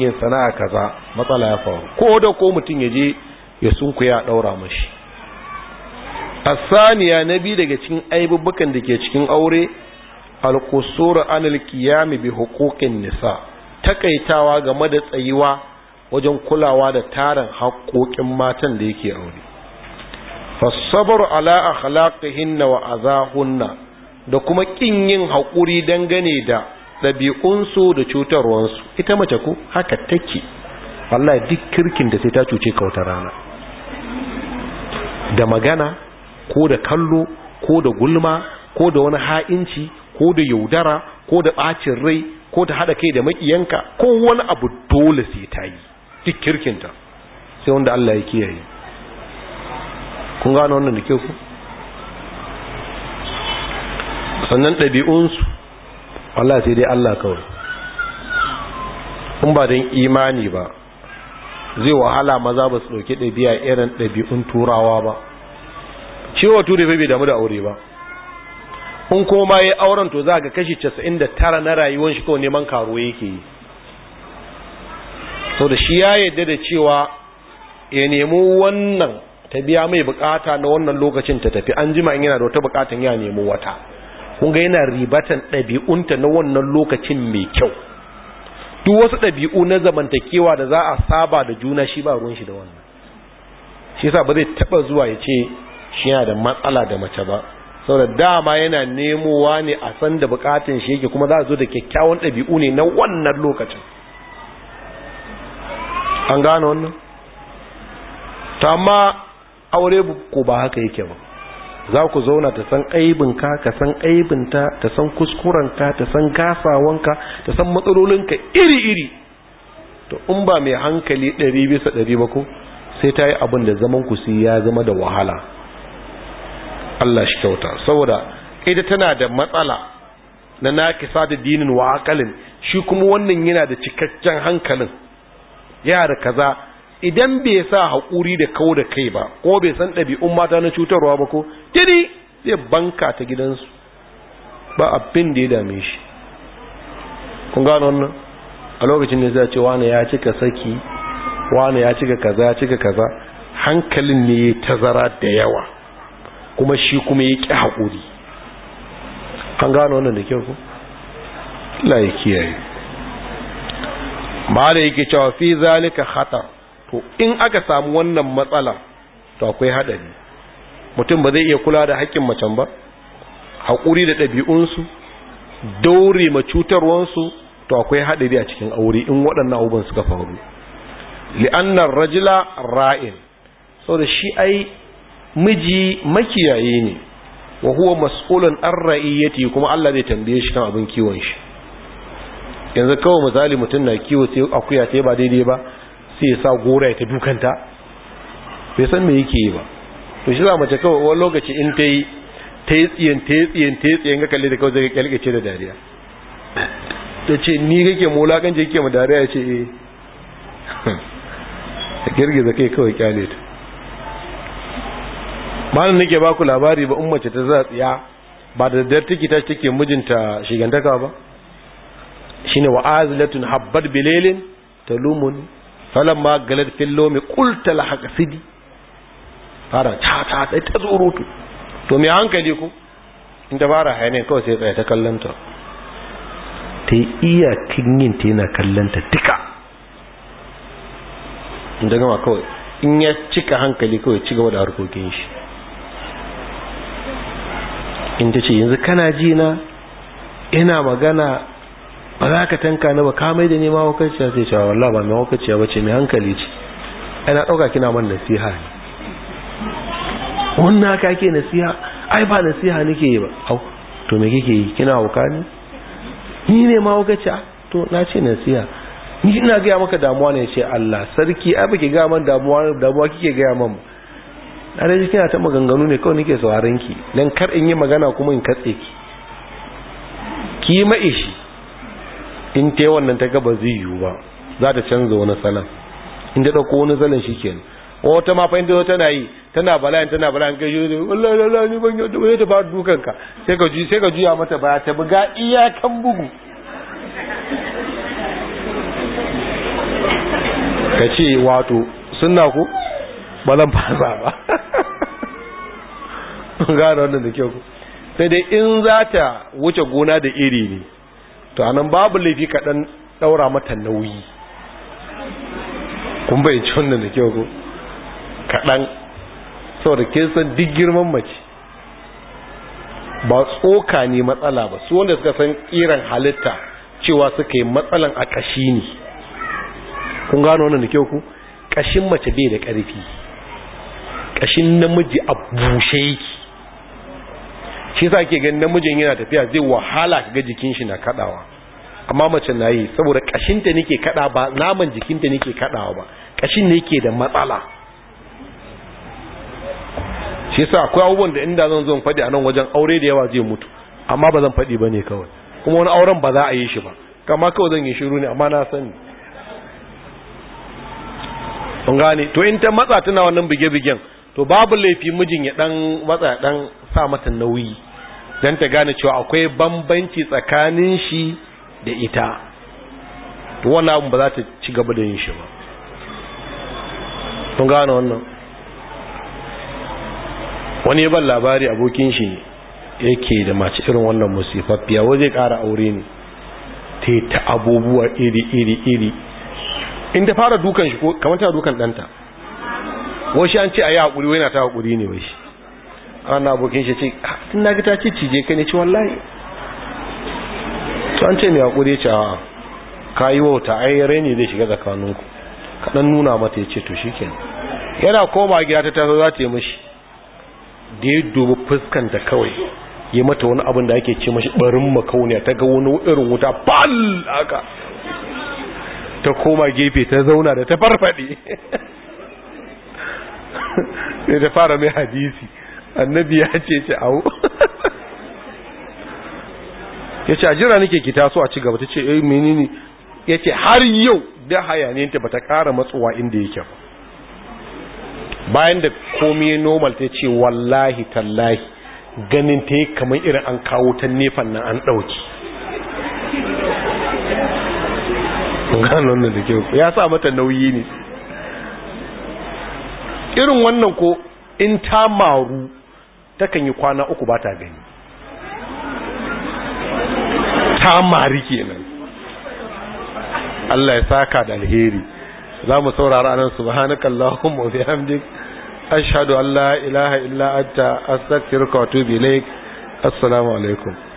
yin sana'a kaza matsala ya faru ko da ko mutum ya je ya sunkuya ɗaura mashi asaniya na biyu daga cikin aibubukan da ke cikin aure alkusura anil kiyami bi hukukin nisa takaitawa game da tsayuwa wajen kulawa da tarin haƙoƙin matan da yake aure Fassabar ala akhlaqihinna wa azahunna da kuma kin yin haƙuri dangane da ɗabi'unsu da cutarwansu ita mace ku haka take wallahi duk kirkin da sai ta cuce ka wata rana da magana ko da kallo ko da gulma ko da wani ha'inci ko da yaudara ko da ɓacin rai ko da haɗa kai da maƙiyanka ko wani abu dole sai ta yi duk kirkinta sai wanda Allah ya kiyaye kun gano wannan da ke ku sannan ɗabi'unsu Allah sai dai Allah kawai in ba don imani ba zai wahala maza ba su ɗauki ɗabi'a irin ɗabi'un turawa ba ciwo ture bai damu da aure ba in koma ya auren to za ga kashi tara na rayuwar shi kawai neman karo yake yi sau da shi ya yadda da cewa ya nemi wannan ta biya mai bukata na wannan lokacin ta tafi an jima yana da wata bukatan ya nemo wata kun ga yana ribatan ɗabi'unta na wannan lokacin mai kyau duk wasu ɗabi'u na zamantakewa da za a saba da juna shi ba ruwan shi da wannan shi yasa ba zai taɓa zuwa ya ce shi yana da matsala da mace ba saboda dama yana nemowa ne a san da bukatun shi yake kuma za a zo da kyakkyawan ɗabi'u ne na wannan lokacin an gane wannan ta amma aure ko ba haka yake ba za ku zauna ta san aibin ka san aibin ta san kuskuren ka ta san gasawanka ta san matsalolin ka iri-iri to in ba mai hankali 200 ɗari ba ko sai ta yi abin da zaman ku ya zama da wahala Allah shi kyauta saboda ita tana da matsala na nakisa da dinin wa aqalin shi kuma wannan yana da cikakken hankalin yara kaza idan bai sa haƙuri da kawo da kai ba ko bai san ɗabi'un mata na cutarwa ba ko tiri zai banka ta gidansu ba abin da ya dame shi kun gano wannan a lokacin da zai ce wani ya cika saki wani ya cika kaza ya cika kaza hankalin ne ya tazara da yawa kuma shi kuma ya ƙi haƙuri an gano wannan da kyau ko Allah ya kiyaye ma da yake cewa fi zalika khatar to in aka samu wannan matsala to akwai haɗari mutum ba zai iya kula da haƙƙin mace ba haƙuri da ɗabi'unsu daure ma cutarwansu to akwai haɗari a cikin aure in waɗannan abubuwan suka faru li'annar rajila ra'in da shi ai miji makiyaye ne wa huwa mas'ulun an ra'iyyati kuma Allah zai tambaye shi kan abin kiwon shi yanzu kawai misali mutum na kiwo sai akuya sai ba daidai ba sai ya sa gora ya ta dukanta bai san me yake yi ba to shi za mace kawai wani lokaci in ta yi ta yi tsiyan ta yi tsiyan ta yi tsiyan ga kalli da kawai zai ce da dariya ta ce ni kake mola kan je kake ma dariya ce eh ta girgiza kai kawai kyale ta ba nake ba ku labari ba in mace ta za tsiya ba da daddar take ta take mijinta shigantaka ba shine wa'azilatun habbat bilailin talumun falamma galat fil lawmi qulta la haqsidi fara ta ta sai ta zurutu to me hankali ko in ta fara hayane kawai sai tsaya ta kallanta ta yi iya kinyin ta yana kallanta duka in ta gama kawai in ya cika hankali kawai ci gaba da harkokin shi in ta ce yanzu kana ji na ina magana ba za ka tanka na ba kamai da nema wakaciya sai cewa wallah ba mai wakaciya ba ce mai hankali ce ai na ɗauka kina man nasiha ne wannan haka ke nasiha ai ba nasiha nake yi ba au to me kike yi kina hauka ne ni ne ma wakaciya to na ce nasiha ni ina gaya maka damuwa ne ce Allah sarki ai baki gaya man damuwa damuwa kike gaya man a da kina ta maganganu ne kawai nake sauraron ki dan kar in yi magana kuma in katse ki ki ma'ishi in ta wannan ta gaba zai yiwu ba za ta canza wani salon in ta ɗauko wani salon shi ke kenan wata ma fahimta zo tana yi tana bala'in tana bala'in kai shi wallahi lalala ni ban yau ta fara dukanka sai ka juya sai ka juya mata baya ta buga iyakan bugu ka ce wato na ku balan fasa ba gane wannan da kyau sai dai in za ta wuce gona da iri ne to anan babu laifi kaɗan ɗaura mata nauyi kun bai ci wannan da kyau ko kaɗan saboda ke san duk girman mace ba tsoka ne matsala ba su wanda suka san kiran halitta cewa suka yi matsalan a ƙashi ne kun gano wannan da kyau ku ƙashin mace bai da ƙarfi ƙashin namiji a bushe yake shi sa ke ganin namijin yana tafiya zai wahala kaga jikin shi na kadawa amma mace na yi saboda kashinta nake kada ba naman jikinta nake kadawa ba kashin ne yake da matsala shi sa akwai abubuwan da inda zan zo faɗi a nan wajen aure da yawa zai mutu amma ba zan faɗi ba ne kawai kuma wani auren ba za a yi shi ba kama kawai zan yi shiru ne amma na sani kun gane to in ta matsa tana wannan bige-bigen to babu laifi mijin ya dan matsa dan sa mata nauyi don ta gane cewa akwai bambanci tsakanin shi da ita to wannan abin ba za ta ci gaba da yin shi ba kun gane wannan wani ban labari abokin shi yake da mace irin wannan musifaffiya wa zai kara aure ne ta ta abubuwa iri iri iri in ta fara dukan shi kamar ta dukan ɗanta wasu an ce a yi haƙuri wai na ta haƙuri ne wai shi ana abokin shi ce ah, tun na ta cici je ka ne ci wallahi to an ce mai hakuri ce a yi wauta rai raini zai shiga tsakaninku kaɗan nuna mata ya ce to shi kenan yana koma gida ta taso za ta yi mashi da ya dubi fuskanta kawai yi mata wani abin da ake ce mashi barin makauniya ta ga wani irin wuta fal haka ta koma gefe ta zauna da ta farfade sai ta fara mai hadisi annabi ya ce ce awo ya ce a jira nake ki taso a ci gaba ta ce eh menene ya ce har yau da hayaniyanta ba ta ƙara matsowa inda yake ba bayan da komi normal ta ce wallahi tallahi ganin ta yi kamar irin an kawo ta nefan nan an ɗauki ganin ya sa mata nauyi ne irin wannan ko in ta maru takan yi kwana uku ba ta gani ta mari kenan Allah ya saka da alheri za mu saurara anan subhanaka allahumma wa bihamdik ashhadu an la ilaha illa anta astaghfiruka wa atubu ilaik assalamu alaikum